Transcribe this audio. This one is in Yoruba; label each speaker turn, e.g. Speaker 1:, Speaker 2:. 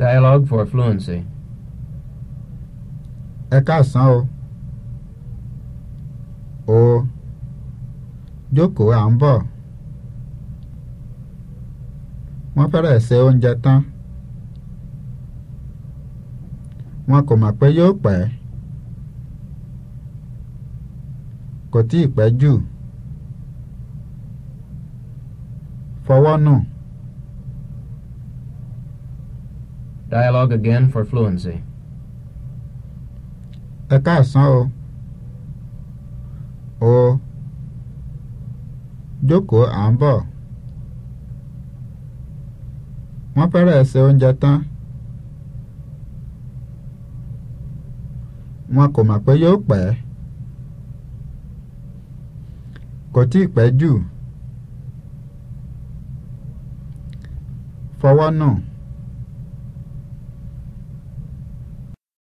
Speaker 1: Dialogue for fluency.
Speaker 2: Ẹ káàsán o. O. Jókòó à ń bọ̀. Wọ́n fẹ́rẹ̀ ṣe oúnjẹ tán. Wọn kò mọ̀ pé yóò pẹ́. Kò tíì pẹ́ jù. Fọwọ́ nù. No.
Speaker 1: Dialogue again for fluency.
Speaker 2: Ẹ káàsán o. O. Jókòó à ń bọ̀. Wọ́n fẹ́rẹ̀ ṣe oúnjẹ tán. Wọn kò mọ̀ pé yóò pẹ́. Kò tíì pẹ́ jù. Fọwọ́ nù.